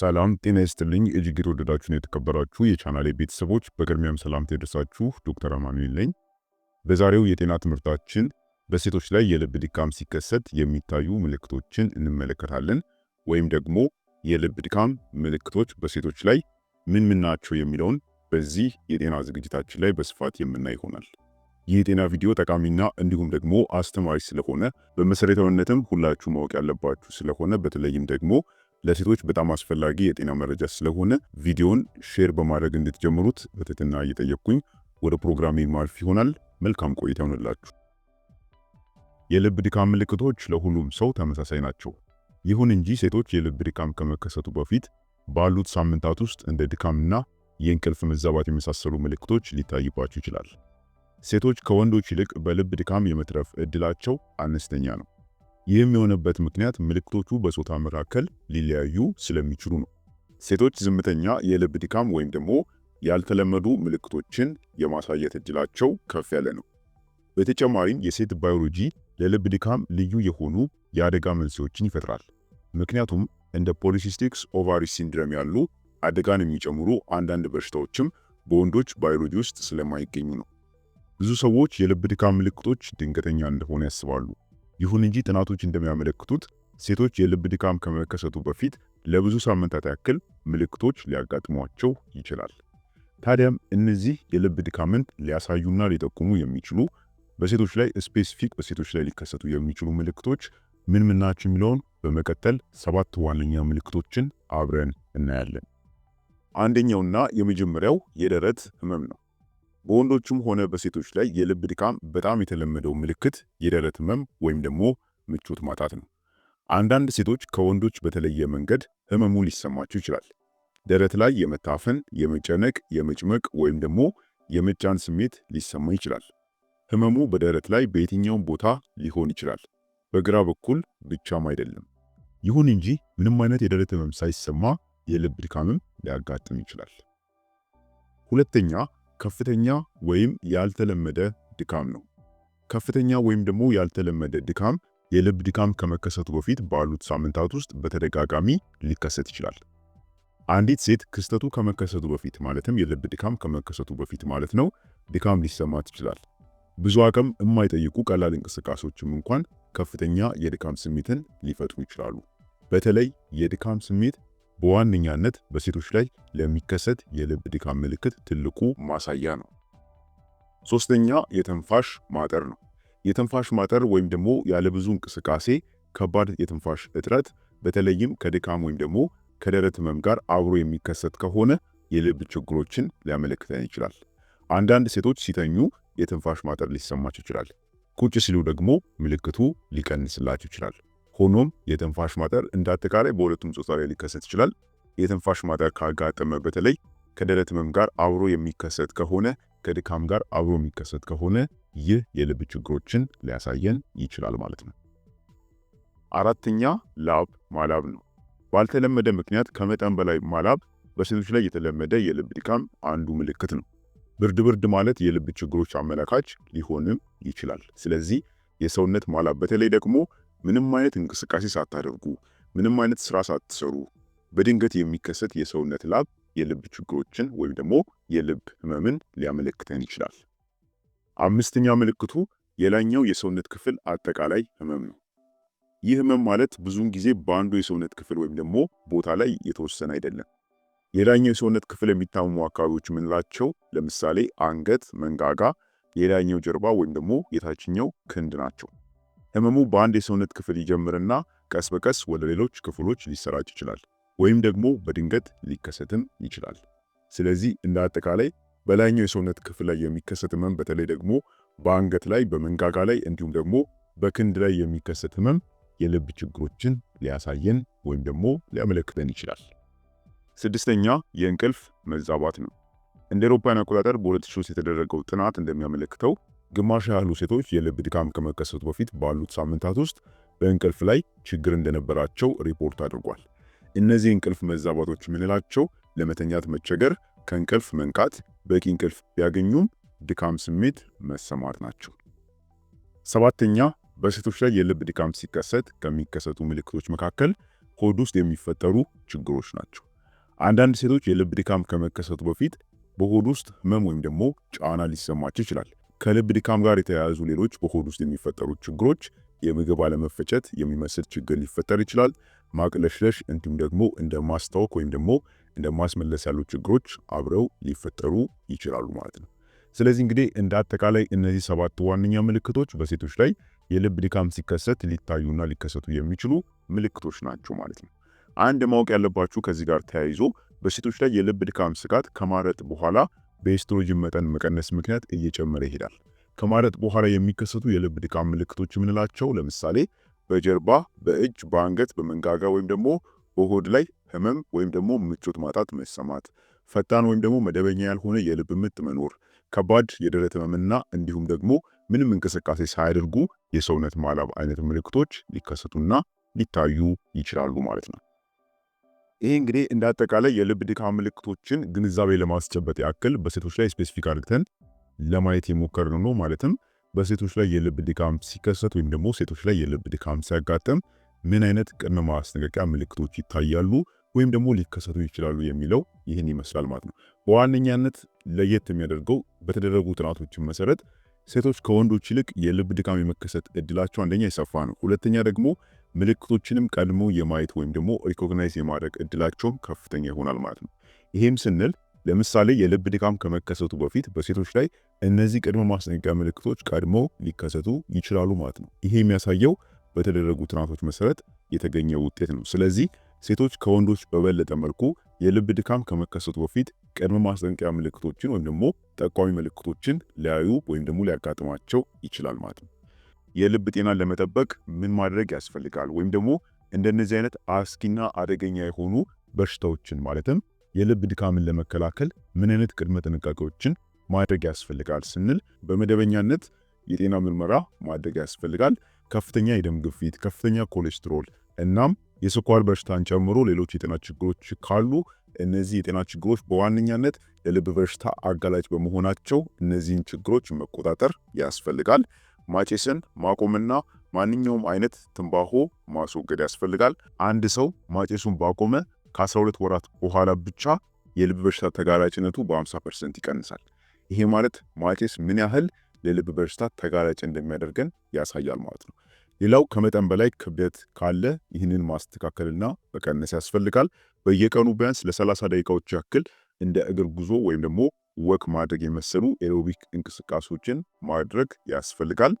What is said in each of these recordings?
ሰላም ጤና ይስጥልኝ። እጅግ የተወደዳችሁን የተከበራችሁ የቻናሌ ቤተሰቦች በቅድሚያም ሰላም ይድረሳችሁ። ዶክተር አማኑኤል ነኝ። በዛሬው የጤና ትምህርታችን በሴቶች ላይ የልብ ድካም ሲከሰት የሚታዩ ምልክቶችን እንመለከታለን። ወይም ደግሞ የልብ ድካም ምልክቶች በሴቶች ላይ ምን ምን ናቸው የሚለውን በዚህ የጤና ዝግጅታችን ላይ በስፋት የምናይ ይሆናል። ይህ የጤና ቪዲዮ ጠቃሚና እንዲሁም ደግሞ አስተማሪ ስለሆነ በመሰረታዊነትም ሁላችሁ ማወቅ ያለባችሁ ስለሆነ በተለይም ደግሞ ለሴቶች በጣም አስፈላጊ የጤና መረጃ ስለሆነ ቪዲዮን ሼር በማድረግ እንድትጀምሩት በትህትና እየጠየቅኩኝ ወደ ፕሮግራሜ ማልፍ ይሆናል። መልካም ቆይታ ይሆንላችሁ። የልብ ድካም ምልክቶች ለሁሉም ሰው ተመሳሳይ ናቸው። ይሁን እንጂ ሴቶች የልብ ድካም ከመከሰቱ በፊት ባሉት ሳምንታት ውስጥ እንደ ድካምና የእንቅልፍ መዛባት የመሳሰሉ ምልክቶች ሊታይባቸው ይችላል። ሴቶች ከወንዶች ይልቅ በልብ ድካም የመትረፍ እድላቸው አነስተኛ ነው። ይህም የሆነበት ምክንያት ምልክቶቹ በጾታ መካከል ሊለያዩ ስለሚችሉ ነው። ሴቶች ዝምተኛ የልብ ድካም ወይም ደግሞ ያልተለመዱ ምልክቶችን የማሳየት እድላቸው ከፍ ያለ ነው። በተጨማሪም የሴት ባዮሎጂ ለልብ ድካም ልዩ የሆኑ የአደጋ መንስኤዎችን ይፈጥራል። ምክንያቱም እንደ ፖሊሲስቲክስ ኦቫሪ ሲንድረም ያሉ አደጋን የሚጨምሩ አንዳንድ በሽታዎችም በወንዶች ባዮሎጂ ውስጥ ስለማይገኙ ነው። ብዙ ሰዎች የልብ ድካም ምልክቶች ድንገተኛ እንደሆነ ያስባሉ ይሁን እንጂ ጥናቶች እንደሚያመለክቱት ሴቶች የልብ ድካም ከመከሰቱ በፊት ለብዙ ሳምንታት ያክል ምልክቶች ሊያጋጥሟቸው ይችላል። ታዲያም እነዚህ የልብ ድካምን ሊያሳዩና ሊጠቁሙ የሚችሉ በሴቶች ላይ ስፔሲፊክ በሴቶች ላይ ሊከሰቱ የሚችሉ ምልክቶች ምን ምን ናቸው የሚለውን በመቀጠል ሰባት ዋነኛ ምልክቶችን አብረን እናያለን። አንደኛውና የመጀመሪያው የደረት ህመም ነው። በወንዶችም ሆነ በሴቶች ላይ የልብ ድካም በጣም የተለመደው ምልክት የደረት ህመም ወይም ደግሞ ምቾት ማጣት ነው። አንዳንድ ሴቶች ከወንዶች በተለየ መንገድ ህመሙ ሊሰማቸው ይችላል። ደረት ላይ የመታፈን፣ የመጨነቅ፣ የመጭመቅ ወይም ደግሞ የመጫን ስሜት ሊሰማ ይችላል። ህመሙ በደረት ላይ በየትኛውም ቦታ ሊሆን ይችላል፣ በግራ በኩል ብቻም አይደለም። ይሁን እንጂ ምንም አይነት የደረት ህመም ሳይሰማ የልብ ድካምም ሊያጋጥም ይችላል። ሁለተኛ ከፍተኛ ወይም ያልተለመደ ድካም ነው። ከፍተኛ ወይም ደግሞ ያልተለመደ ድካም የልብ ድካም ከመከሰቱ በፊት ባሉት ሳምንታት ውስጥ በተደጋጋሚ ሊከሰት ይችላል። አንዲት ሴት ክስተቱ ከመከሰቱ በፊት ማለትም የልብ ድካም ከመከሰቱ በፊት ማለት ነው ድካም ሊሰማት ይችላል። ብዙ አቅም የማይጠይቁ ቀላል እንቅስቃሴዎችም እንኳን ከፍተኛ የድካም ስሜትን ሊፈጥሩ ይችላሉ። በተለይ የድካም ስሜት በዋነኛነት በሴቶች ላይ ለሚከሰት የልብ ድካም ምልክት ትልቁ ማሳያ ነው። ሶስተኛ የተንፋሽ ማጠር ነው። የተንፋሽ ማጠር ወይም ደግሞ ያለ ብዙ እንቅስቃሴ ከባድ የትንፋሽ እጥረት በተለይም ከድካም ወይም ደግሞ ከደረት ህመም ጋር አብሮ የሚከሰት ከሆነ የልብ ችግሮችን ሊያመለክተን ይችላል። አንዳንድ ሴቶች ሲተኙ የትንፋሽ ማጠር ሊሰማቸው ይችላል። ቁጭ ሲሉ ደግሞ ምልክቱ ሊቀንስላቸው ይችላል። ሆኖም የትንፋሽ ማጠር እንደ አጠቃላይ በሁለቱም ጾታ ላይ ሊከሰት ይችላል። የትንፋሽ ማጠር ካጋጠመ በተለይ ከደረት ህመም ጋር አብሮ የሚከሰት ከሆነ ከድካም ጋር አብሮ የሚከሰት ከሆነ ይህ የልብ ችግሮችን ሊያሳየን ይችላል ማለት ነው። አራተኛ ላብ ማላብ ነው። ባልተለመደ ምክንያት ከመጠን በላይ ማላብ በሴቶች ላይ የተለመደ የልብ ድካም አንዱ ምልክት ነው። ብርድ ብርድ ማለት የልብ ችግሮች አመላካች ሊሆንም ይችላል። ስለዚህ የሰውነት ማላብ በተለይ ደግሞ ምንም አይነት እንቅስቃሴ ሳታደርጉ፣ ምንም አይነት ስራ ሳትሰሩ በድንገት የሚከሰት የሰውነት ላብ የልብ ችግሮችን ወይም ደግሞ የልብ ህመምን ሊያመለክተን ይችላል። አምስተኛ ምልክቱ የላይኛው የሰውነት ክፍል አጠቃላይ ህመም ነው። ይህ ህመም ማለት ብዙውን ጊዜ በአንዱ የሰውነት ክፍል ወይም ደግሞ ቦታ ላይ የተወሰነ አይደለም። የላይኛው የሰውነት ክፍል የሚታመሙ አካባቢዎች የምንላቸው ለምሳሌ አንገት፣ መንጋጋ፣ የላይኛው ጀርባ ወይም ደግሞ የታችኛው ክንድ ናቸው። ህመሙ በአንድ የሰውነት ክፍል ይጀምርና ቀስ በቀስ ወደ ሌሎች ክፍሎች ሊሰራጭ ይችላል ወይም ደግሞ በድንገት ሊከሰትም ይችላል። ስለዚህ እንደ አጠቃላይ በላይኛው የሰውነት ክፍል ላይ የሚከሰት ህመም በተለይ ደግሞ በአንገት ላይ፣ በመንጋጋ ላይ እንዲሁም ደግሞ በክንድ ላይ የሚከሰት ህመም የልብ ችግሮችን ሊያሳየን ወይም ደግሞ ሊያመለክተን ይችላል። ስድስተኛ የእንቅልፍ መዛባት ነው። እንደ አውሮፓውያን አቆጣጠር በ2003 የተደረገው ጥናት እንደሚያመለክተው ግማሽ ያህሉ ሴቶች የልብ ድካም ከመከሰቱ በፊት ባሉት ሳምንታት ውስጥ በእንቅልፍ ላይ ችግር እንደነበራቸው ሪፖርት አድርጓል። እነዚህ እንቅልፍ መዛባቶች የምንላቸው ለመተኛት መቸገር፣ ከእንቅልፍ መንቃት፣ በቂ እንቅልፍ ቢያገኙም ድካም ስሜት መሰማት ናቸው። ሰባተኛ በሴቶች ላይ የልብ ድካም ሲከሰት ከሚከሰቱ ምልክቶች መካከል ሆድ ውስጥ የሚፈጠሩ ችግሮች ናቸው። አንዳንድ ሴቶች የልብ ድካም ከመከሰቱ በፊት በሆድ ውስጥ ህመም ወይም ደግሞ ጫና ሊሰማቸው ይችላል። ከልብ ድካም ጋር የተያያዙ ሌሎች በሆድ ውስጥ የሚፈጠሩ ችግሮች የምግብ አለመፈጨት የሚመስል ችግር ሊፈጠር ይችላል። ማቅለሽለሽ፣ እንዲሁም ደግሞ እንደ ማስታወክ ወይም ደግሞ እንደ ማስመለስ ያሉ ችግሮች አብረው ሊፈጠሩ ይችላሉ ማለት ነው። ስለዚህ እንግዲህ እንደ አጠቃላይ እነዚህ ሰባት ዋነኛ ምልክቶች በሴቶች ላይ የልብ ድካም ሲከሰት ሊታዩና ሊከሰቱ የሚችሉ ምልክቶች ናቸው ማለት ነው። አንድ ማወቅ ያለባችሁ ከዚህ ጋር ተያይዞ በሴቶች ላይ የልብ ድካም ስጋት ከማረጥ በኋላ በኤስትሮጅን መጠን መቀነስ ምክንያት እየጨመረ ይሄዳል። ከማረጥ በኋላ የሚከሰቱ የልብ ድካም ምልክቶች የምንላቸው ለምሳሌ በጀርባ፣ በእጅ፣ በአንገት፣ በመንጋጋ ወይም ደግሞ በሆድ ላይ ህመም ወይም ደግሞ ምቾት ማጣት መሰማት፣ ፈጣን ወይም ደግሞ መደበኛ ያልሆነ የልብ ምት መኖር፣ ከባድ የደረት ህመምና እንዲሁም ደግሞ ምንም እንቅስቃሴ ሳያደርጉ የሰውነት ማላብ አይነት ምልክቶች ሊከሰቱና ሊታዩ ይችላሉ ማለት ነው። ይሄ እንግዲህ እንደ አጠቃላይ የልብ ድካም ምልክቶችን ግንዛቤ ለማስጨበጥ ያክል በሴቶች ላይ ስፔሲፊክ አድርገን ለማየት የሞከርነው ነው። ማለትም በሴቶች ላይ የልብ ድካም ሲከሰት ወይም ደግሞ ሴቶች ላይ የልብ ድካም ሲያጋጥም ምን አይነት ቅድመ ማስጠንቀቂያ ምልክቶች ይታያሉ ወይም ደግሞ ሊከሰቱ ይችላሉ የሚለው ይህን ይመስላል ማለት ነው። በዋነኛነት ለየት የሚያደርገው በተደረጉ ጥናቶችን መሰረት ሴቶች ከወንዶች ይልቅ የልብ ድካም የመከሰት እድላቸው አንደኛ የሰፋ ነው። ሁለተኛ ደግሞ ምልክቶችንም ቀድሞ የማየት ወይም ደግሞ ሪኮግናይዝ የማድረግ እድላቸውም ከፍተኛ ይሆናል ማለት ነው። ይህም ስንል ለምሳሌ የልብ ድካም ከመከሰቱ በፊት በሴቶች ላይ እነዚህ ቅድመ ማስጠንቀቂያ ምልክቶች ቀድሞ ሊከሰቱ ይችላሉ ማለት ነው። ይሄ የሚያሳየው በተደረጉ ጥናቶች መሰረት የተገኘ ውጤት ነው። ስለዚህ ሴቶች ከወንዶች በበለጠ መልኩ የልብ ድካም ከመከሰቱ በፊት ቅድመ ማስጠንቀቂያ ምልክቶችን ወይም ደግሞ ጠቋሚ ምልክቶችን ሊያዩ ወይም ደግሞ ሊያጋጥማቸው ይችላል ማለት ነው። የልብ ጤናን ለመጠበቅ ምን ማድረግ ያስፈልጋል? ወይም ደግሞ እንደነዚህ አይነት አስጊና አደገኛ የሆኑ በሽታዎችን ማለትም የልብ ድካምን ለመከላከል ምን አይነት ቅድመ ጥንቃቄዎችን ማድረግ ያስፈልጋል ስንል በመደበኛነት የጤና ምርመራ ማድረግ ያስፈልጋል። ከፍተኛ የደም ግፊት፣ ከፍተኛ ኮሌስትሮል እናም የስኳር በሽታን ጨምሮ ሌሎች የጤና ችግሮች ካሉ እነዚህ የጤና ችግሮች በዋነኛነት ለልብ በሽታ አጋላጭ በመሆናቸው እነዚህን ችግሮች መቆጣጠር ያስፈልጋል። ማጨስን ማቆምና ማንኛውም አይነት ትንባሆ ማስወገድ ያስፈልጋል። አንድ ሰው ማጨሱን ባቆመ ከ12 ወራት በኋላ ብቻ የልብ በሽታ ተጋላጭነቱ በ50 ፐርሰንት ይቀንሳል። ይሄ ማለት ማጨስ ምን ያህል ለልብ በሽታ ተጋላጭ እንደሚያደርገን ያሳያል ማለት ነው። ሌላው ከመጠን በላይ ክብደት ካለ ይህንን ማስተካከልና መቀነስ ያስፈልጋል። በየቀኑ ቢያንስ ለ30 ደቂቃዎች ያክል እንደ እግር ጉዞ ወይም ደግሞ ወክ ማድረግ የመሰሉ ኤሮቢክ እንቅስቃሴዎችን ማድረግ ያስፈልጋል።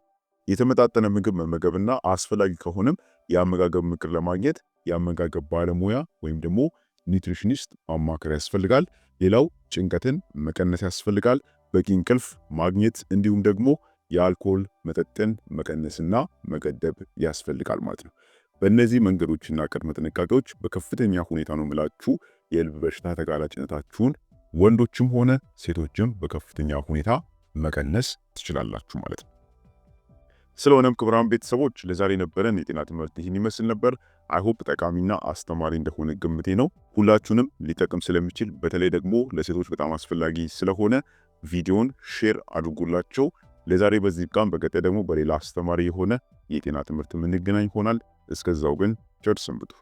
የተመጣጠነ ምግብ መመገብና አስፈላጊ ከሆነም የአመጋገብ ምክር ለማግኘት የአመጋገብ ባለሙያ ወይም ደግሞ ኒትሪሽኒስት ማማከር ያስፈልጋል። ሌላው ጭንቀትን መቀነስ ያስፈልጋል። በቂ እንቅልፍ ማግኘት እንዲሁም ደግሞ የአልኮል መጠጥን መቀነስና መገደብ ያስፈልጋል ማለት ነው። በእነዚህ መንገዶችና ቅድመ ጥንቃቄዎች በከፍተኛ ሁኔታ ነው ምላችሁ የልብ በሽታ ተጋላጭነታችሁን ወንዶችም ሆነ ሴቶችም በከፍተኛ ሁኔታ መቀነስ ትችላላችሁ ማለት ነው። ስለሆነም ክቡራን ቤተሰቦች ለዛሬ ነበረን የጤና ትምህርት ይህን ይመስል ነበር። አይሆፕ ጠቃሚና አስተማሪ እንደሆነ ግምቴ ነው። ሁላችሁንም ሊጠቅም ስለሚችል በተለይ ደግሞ ለሴቶች በጣም አስፈላጊ ስለሆነ ቪዲዮን ሼር አድርጉላቸው። ለዛሬ በዚህ ቃም፣ በቀጣይ ደግሞ በሌላ አስተማሪ የሆነ የጤና ትምህርት የምንገናኝ ይሆናል። እስከዛው ግን ቸር ሰንብቱ።